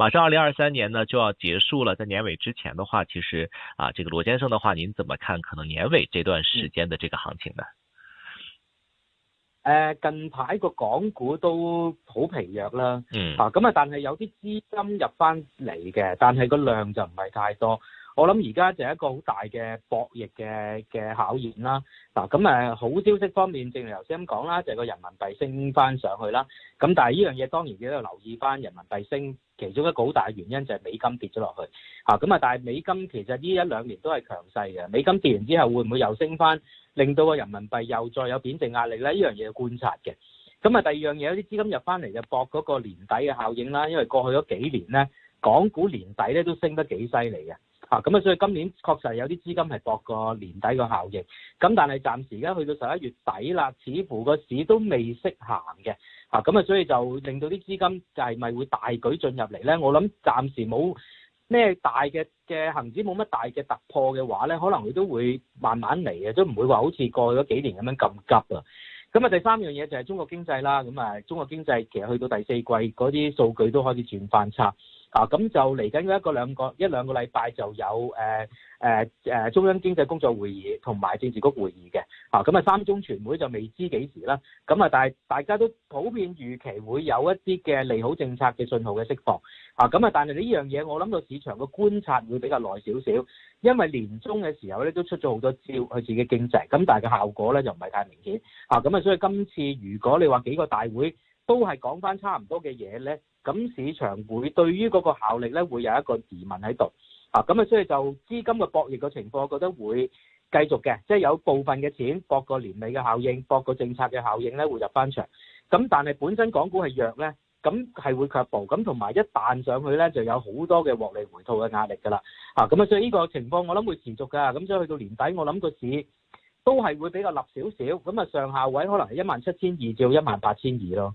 馬上二零二三年呢就要結束了，在年尾之前的話，其實啊，這個羅先生的話，您怎麼看可能年尾這段時間的這個行情呢？誒、呃，近排個港股都好疲弱啦，嗯，啊咁啊，但係有啲資金入翻嚟嘅，但係個量就唔係太多。我諗而家就係一個好大嘅博弈嘅嘅考驗啦。嗱咁誒好消息方面，正如頭先咁講啦，就係個人民幣升翻上去啦。咁但係呢樣嘢當然要留意翻人民幣升其中一個好大嘅原因就係美金跌咗落去嚇咁啊。但係美金其實呢一兩年都係強勢嘅，美金跌完之後會唔會又升翻，令到個人民幣又再有貶值壓力咧？呢樣嘢要觀察嘅。咁啊，第二樣嘢有啲資金入翻嚟就博嗰個年底嘅效應啦，因為過去嗰幾年咧，港股年底咧都升得幾犀利嘅。啊，咁啊，所以今年確實有啲資金係搏過年底個效益，咁但係暫時而家去到十一月底啦，似乎個市都未識行嘅，啊，咁啊，所以就令到啲資金就係咪會大舉進入嚟咧？我諗暫時冇咩大嘅嘅行市，冇乜大嘅突破嘅話咧，可能佢都會慢慢嚟嘅，都唔會話好似過去嗰幾年咁樣咁急啊。咁啊，第三樣嘢就係中國經濟啦，咁啊，中國經濟其實去到第四季嗰啲數據都開始轉翻差。啊，咁就嚟緊一個兩個一兩個禮拜就有誒誒、啊啊、中央經濟工作會議同埋政治局會議嘅，啊咁啊三中全會就未知幾時啦，咁啊但係大家都普遍預期會有一啲嘅利好政策嘅信號嘅釋放，啊咁啊但係呢樣嘢我諗到市場嘅觀察會比較耐少少，因為年中嘅時候咧都出咗好多招去刺激經濟，咁、啊、但係個效果咧就唔係太明顯，啊咁啊，啊所以今次如果你話幾個大會。都係講翻差唔多嘅嘢呢。咁市場會對於嗰個效力呢，會有一個疑問喺度，啊咁啊，所以就資金嘅博弈嘅情況，我覺得會繼續嘅，即係有部分嘅錢博個年尾嘅效應，博個政策嘅效應呢，會入翻場，咁但係本身港股係弱呢，咁係會卻步，咁同埋一彈上去呢，就有好多嘅獲利回吐嘅壓力㗎啦，啊咁啊，所以呢個情況我諗會持續㗎，咁所以去到年底我諗個市都係會比較立少少，咁啊上下位可能係一萬七千二至一萬八千二咯。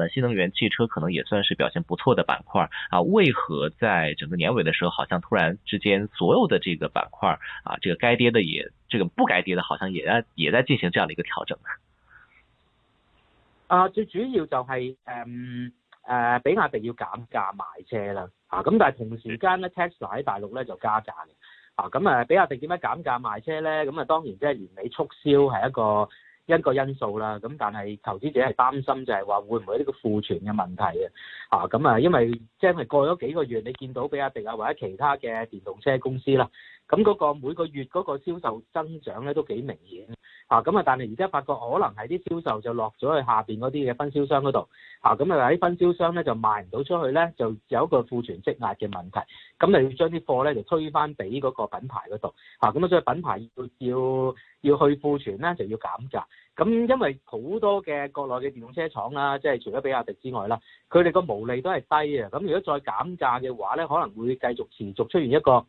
啊、新能源汽車可能也算是表現不錯的板塊啊？為何在整個年尾的時候，好像突然之間所有的這個板塊啊，這個該跌的也這個不該跌的，好像也在也在進行這樣的一個調整啊，最主要就係誒誒，比亞迪要減價賣車啦啊！咁但係同時間咧，Tesla 喺大陸咧就加價嘅啊！咁啊，比亞迪點解減價賣車咧？咁啊，當然即係年尾促銷係一個一個因素啦，咁但係投資者係擔心就係話會唔會呢個庫存嘅問題啊，咁啊，因為即係過咗幾個月，你見到比亞迪啊或者其他嘅電動車公司啦，咁嗰個每個月嗰個銷售增長咧都幾明顯。啊，咁啊，但係而家發覺可能係啲銷售就落咗去下面嗰啲嘅分銷商嗰度，啊，咁啊喺分銷商咧就賣唔到出去咧，就有一個庫存積壓嘅問題，咁就要將啲貨咧就推返俾嗰個品牌嗰度，嚇，咁啊所以品牌要要要去庫存咧就要減價，咁因為好多嘅國內嘅電動車廠啦，即係除咗比亞迪之外啦，佢哋個毛利都係低啊，咁如果再減價嘅話咧，可能會繼續持續出現一個。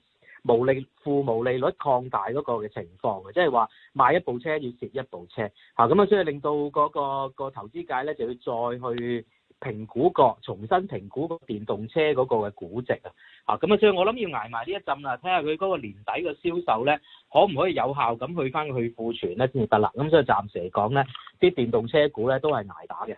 無利負無利率擴大嗰個嘅情況嘅，即係話買一部車要蝕一部車，嚇咁啊，所以令到嗰個個投資界咧就要再去評估個重新評估個電動車嗰個嘅估值啊，嚇咁啊，所以我諗要挨埋呢一陣啦，睇下佢嗰個年底嘅銷售咧，可唔可以有效咁去翻去庫存咧先至得啦，咁所以暫時嚟講咧，啲電動車股咧都係挨打嘅。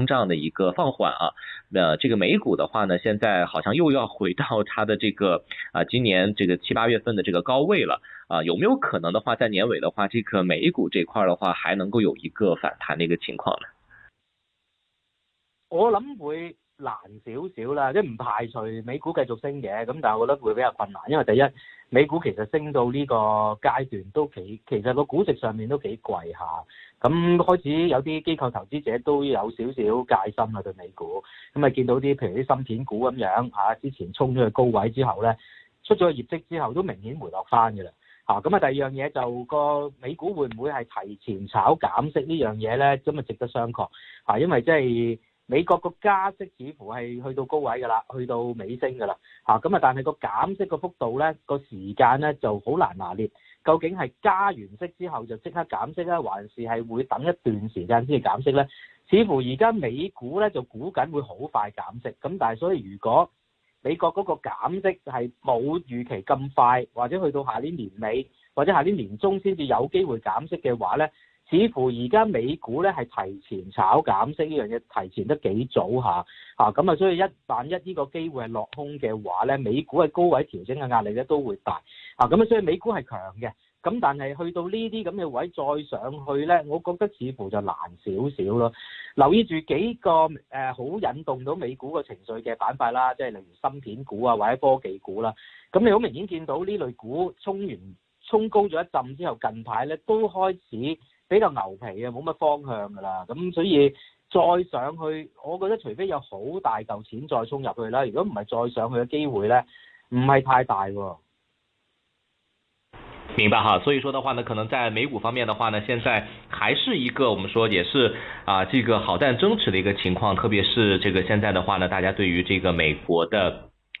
通脹的一個放緩啊，那這個美股的話呢，現在好像又要回到它的這個啊，今年這個七八月份的這個高位了啊，有沒有可能的話，在年尾的話，這個美股這塊的話，還能夠有一個反彈的一個情況呢？我諗會難少少啦，即唔排除美股繼續升嘅，咁但係我覺得會比較困難，因為第一。美股其實升到呢個階段都幾，其實個估值上面都幾貴下，咁開始有啲機構投資者都有少少戒心啊，對美股。咁啊見到啲譬如啲芯片股咁樣嚇，之前衝咗去高位之後咧，出咗業績之後都明顯回落翻嘅啦，嚇，咁啊第二樣嘢就個美股會唔會係提前炒減息呢樣嘢咧，咁啊值得商榷嚇，因為即係。美國個加息似乎係去到高位㗎啦，去到尾聲㗎啦嚇，咁啊但係個減息個幅度呢，個時間呢就好難拿捏，究竟係加完息之後就即刻減息咧，還是係會等一段時間先至減息呢？似乎而家美股呢就估緊會好快減息，咁但係所以如果美國嗰個減息係冇預期咁快，或者去到下年年尾或者下年年中先至有機會減息嘅話呢。似乎而家美股咧係提前炒減息呢樣嘢，提前得幾早嚇嚇咁啊，所以一旦一呢個機會係落空嘅話咧，美股嘅高位調整嘅壓力咧都會大啊。咁啊，所以美股係強嘅，咁但係去到呢啲咁嘅位再上去咧，我覺得似乎就難少少咯。留意住幾個誒好引動到美股個情緒嘅板塊啦，即係例如芯片股啊或者科技股啦。咁你好明顯見到呢類股衝完衝高咗一陣之後，近排咧都開始。比較牛皮啊，冇乜方向㗎喇，咁所以再上去，我覺得除非有好大嚿錢再衝入去啦，如果唔係再上去嘅機會呢，唔係太大喎，哦，明白哈，所以說的話呢，可能在美股方面的話呢，現在還是一個我們說也是啊，這個好淡爭持嘅一個情況，特別是這個現在的話呢，大家對於這個美國的。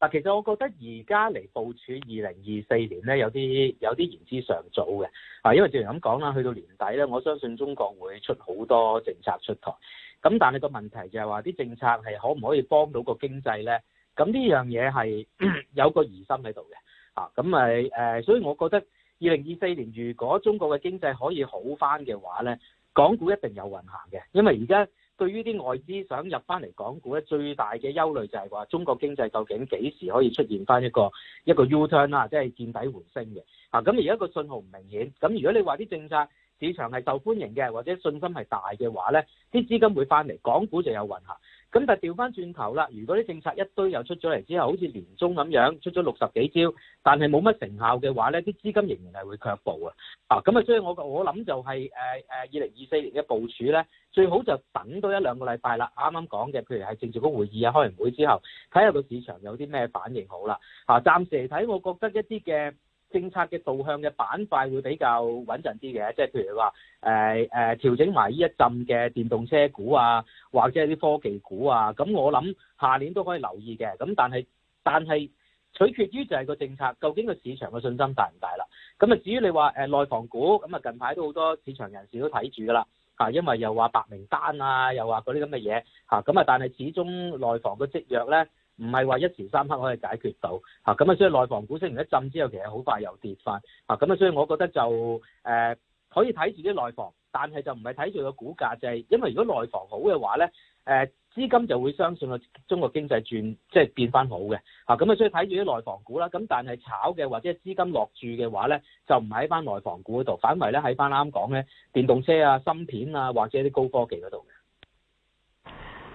嗱，其實我覺得而家嚟部署二零二四年呢，有啲有啲言之尚早嘅，啊，因為正如咁講啦，去到年底呢，我相信中國會出好多政策出台，咁但係個問題就係話啲政策係可唔可以幫到個經濟呢？咁呢樣嘢係有個疑心喺度嘅，啊，咁咪誒，所以我覺得二零二四年如果中國嘅經濟可以好返嘅話呢，港股一定有運行嘅，因為而家。對於啲外資想入翻嚟港股咧，最大嘅憂慮就係話，中國經濟究竟幾時可以出現翻一個一個 U-turn 啦，即係見底回升嘅。啊，咁而家個信號唔明顯，咁如果你話啲政策，市場係受歡迎嘅，或者信心係大嘅話呢，啲資金會翻嚟，港股就有運行。咁但係調翻轉頭啦，如果啲政策一堆又出咗嚟之後，好似年中咁樣出咗六十幾招，但係冇乜成效嘅話呢，啲資金仍然係會卻步啊。啊，咁啊，所以我我諗就係誒誒，二零二四年嘅部署呢，最好就等到一兩個禮拜啦。啱啱講嘅，譬如係政治局會議啊、開完會之後睇下個市場有啲咩反應好啦。啊，暫時嚟睇，我覺得一啲嘅，政策嘅導向嘅板塊會比較穩陣啲嘅，即係譬如話誒誒調整埋呢一陣嘅電動車股啊，或者係啲科技股啊，咁我諗下年都可以留意嘅，咁但係但係取決於就係個政策，究竟個市場嘅信心大唔大啦？咁啊至於你話誒內房股，咁啊近排都好多市場人士都睇住㗎啦，嚇，因為又話白名單啊，又話嗰啲咁嘅嘢嚇，咁啊但係始終內房嘅積弱咧。唔係話一時三刻可以解決到吓咁啊，所以內房股升完一浸之後，其實好快又跌翻，咁啊，所以我覺得就誒、呃、可以睇住啲內房，但係就唔係睇住個股價，就係、是、因為如果內房好嘅話咧，誒資金就會相信個中國經濟轉即係、就是、變翻好嘅，咁啊，所以睇住啲內房股啦，咁但係炒嘅或者資金落注嘅話咧，就唔係喺翻內房股嗰度，反為咧喺翻啱講咧電動車啊、芯片啊或者啲高科技嗰度。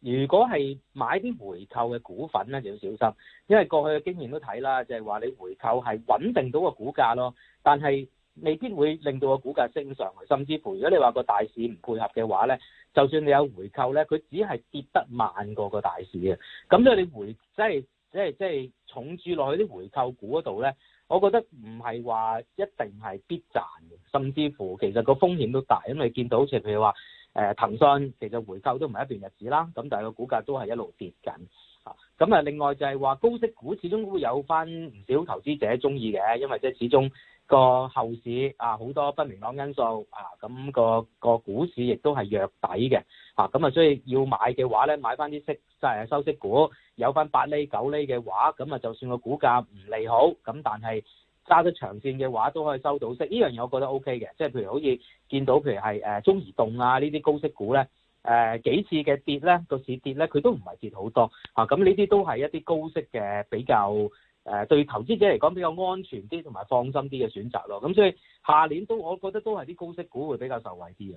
如果係買啲回購嘅股份咧，就要小心，因為過去嘅經驗都睇啦，就係話你回購係穩定到個股價咯，但係未必會令到個股價升上，甚至乎如果你話個大市唔配合嘅話咧，就算你有回購咧，佢只係跌得慢過個大市嘅。咁咧，你回即係即係即係重注落去啲回購股嗰度咧，我覺得唔係話一定係必賺嘅，甚至乎其實個風險都大，因為見到好似譬如話。誒騰訊其實回購都唔係一段日子啦，咁但係個股價都係一路跌緊嚇。咁啊，另外就係話高息股始終都會有翻唔少投資者鍾意嘅，因為即係始終個後市啊好多不明朗因素啊，咁、嗰個個股市亦都係弱底嘅嚇。咁啊，所以要買嘅話咧，買翻啲息即係收息股，有翻八厘九厘嘅話，咁啊就算個股價唔利好，咁但係。揸得長線嘅話，都可以收到息，呢樣嘢我覺得是 OK 嘅。即係譬如好似見到，譬如係誒中移動啊呢啲高息股咧，誒幾次嘅跌咧，個市跌咧，佢都唔係跌好多嚇。咁呢啲都係一啲高息嘅比較誒、啊，對投資者嚟講比較安全啲同埋放心啲嘅選擇咯。咁所以下年都，我覺得都係啲高息股會比較受惠啲嘅。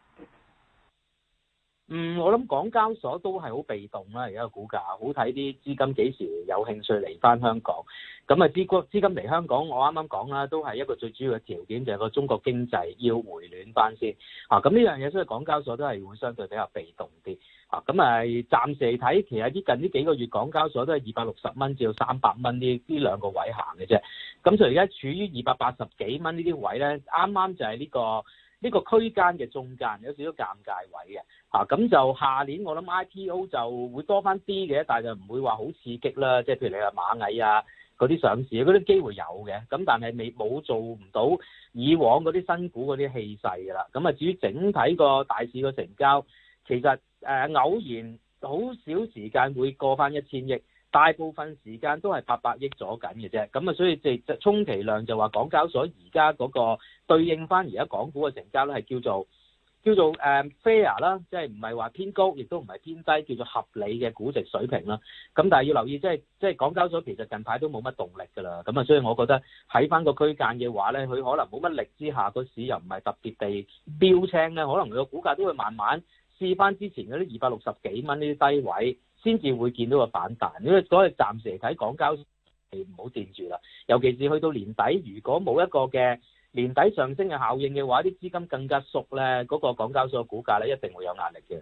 嗯，我諗港交所都係好被動啦，而家個股價好睇啲資金幾時有興趣嚟翻香港，咁啊資資資金嚟香港，我啱啱講啦，都係一個最主要嘅條件就係個中國經濟要回暖翻先啊。咁呢樣嘢所以港交所都係會相對比較被動啲啊。咁啊，暫時睇，其實呢近呢幾個月港交所都係二百六十蚊至到三百蚊呢呢兩個位行嘅啫。咁所以而家處於二百八十幾蚊呢啲位咧，啱啱就係呢個。呢個區間嘅中間有少少尷尬位嘅，嚇、啊、咁就下年我諗 IPO 就會多翻啲嘅，但係就唔會話好刺激啦。即係譬如你話螞蟻啊嗰啲上市嗰啲機會有嘅，咁但係未冇做唔到以往嗰啲新股嗰啲氣勢㗎啦。咁啊至於整體個大市個成交，其實誒偶然好少時間會過翻一千億。大部分時間都係八百億咗緊嘅啫，咁啊，所以即係充其量就話港交所而家嗰個對應翻而家港股嘅成交咧，係叫做叫做誒 fair 啦，即係唔係話偏高，亦都唔係偏低，叫做合理嘅估值水平啦。咁但係要留意，即係即係港交所其實近排都冇乜動力㗎啦。咁啊，所以我覺得喺翻個區間嘅話呢，佢可能冇乜力之下，個市又唔係特別地標青呢，可能佢個股價都會慢慢試翻之前嗰啲二百六十幾蚊呢啲低位。先至會見到個反彈，因為所以暫時嚟睇港交所係唔好掂住啦。尤其是去到年底，如果冇一個嘅年底上升嘅效應嘅話，啲資金更加縮呢。嗰、那個港交所嘅股價咧一定會有壓力嘅。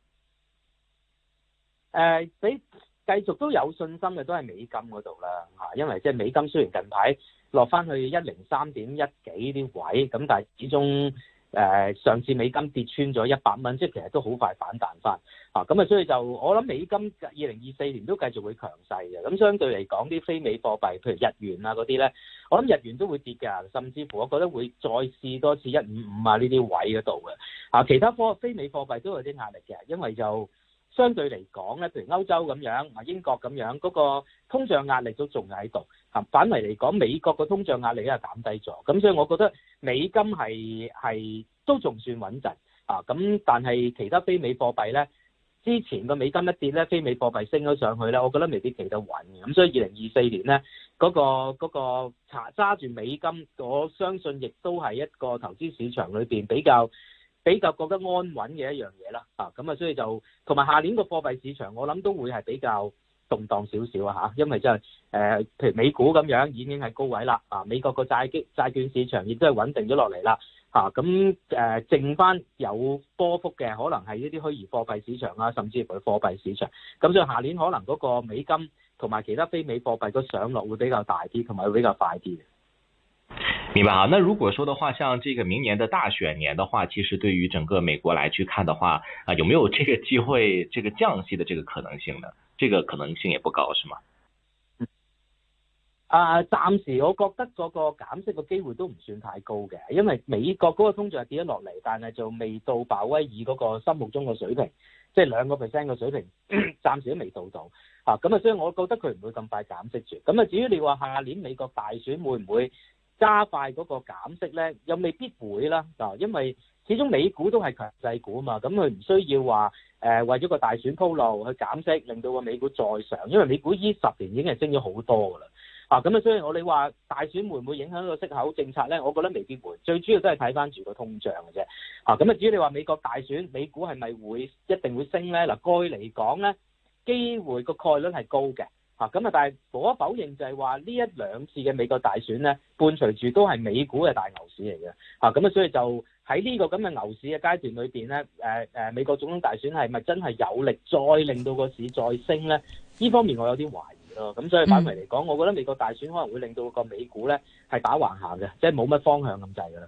誒、呃，你繼續都有信心嘅都係美金嗰度啦嚇，因為即係美金雖然近排落翻去一零三點一幾啲位，咁但係始終誒、呃、上次美金跌穿咗一百蚊，即係其實都好快反彈翻咁啊，所以就我諗美金二零二四年都繼續會強勢嘅，咁相對嚟講啲非美貨幣，譬如日元啊嗰啲咧，我諗日元都會跌㗎，甚至乎我覺得會再試多次一五五啊呢啲位嗰度嘅啊，其他科非美貨幣都有啲壓力嘅，因為就。相對嚟講咧，譬如歐洲咁樣，啊英國咁樣，嗰個通脹壓力都仲喺度。啊，反為嚟講，美國嘅通脹壓力咧減低咗。咁所以我覺得美金係係都仲算穩陣啊。咁但係其他非美貨幣咧，之前個美金一跌咧，非美貨幣升咗上去咧，我覺得未必企得穩嘅。咁所以二零二四年咧，嗰個嗰個揸揸住美金，我相信亦都係一個投資市場裏邊比較。比較覺得安穩嘅一樣嘢啦，啊咁啊，所以就同埋下年個貨幣市場，我諗都會係比較動盪少少啊嚇，因為真係誒，譬如美股咁樣已經係高位啦，啊美國個債券債券市場亦都係穩定咗落嚟啦，啊咁誒、啊，剩翻有波幅嘅，可能係呢啲虛擬貨幣市場啊，甚至乎貨幣市場，咁所以下年可能嗰個美金同埋其他非美貨幣嘅上落會比較大啲，同埋會比較快啲。明白啊，那如果說的話，像這個明年的大選年的話，其實對於整個美國來去看的話，啊，有沒有這個機會，這個降息的這個可能性呢？這個可能性也不高，是嗎？啊，暫時我覺得嗰個減息嘅機會都唔算太高嘅，因為美國嗰個通脹係跌咗落嚟，但係就未到鮑威爾嗰個心目中嘅水平，即係兩個 percent 嘅水平， 暫時都未到到啊。咁啊，所以我覺得佢唔會咁快減息住。咁啊，至於你話下年美國大選會唔會？加快嗰個減息咧，又未必會啦。啊，因為始終美股都係強勢股啊嘛，咁佢唔需要話誒為咗個大選鋪路去減息，令到個美股再上，因為美股依十年已經係升咗好多噶啦。啊，咁啊，所以我哋話大選會唔會影響個息口政策咧，我覺得未必會，最主要都係睇翻住個通脹嘅啫。啊，咁啊，至於你話美國大選美股係咪會一定會升咧？嗱，該嚟講咧，機會個概率係高嘅。啊，咁啊，但係無可否認就係話呢一兩次嘅美國大選咧，伴隨住都係美股嘅大牛市嚟嘅。啊，咁啊，所以就喺呢個咁嘅牛市嘅階段裏邊咧，誒、呃、誒、呃，美國總統大選係咪真係有力再令到個市再升咧？呢方面我有啲懷疑咯。咁所以反為嚟講，我覺得美國大選可能會令到個美股咧係打橫行嘅，即係冇乜方向咁滯噶啦。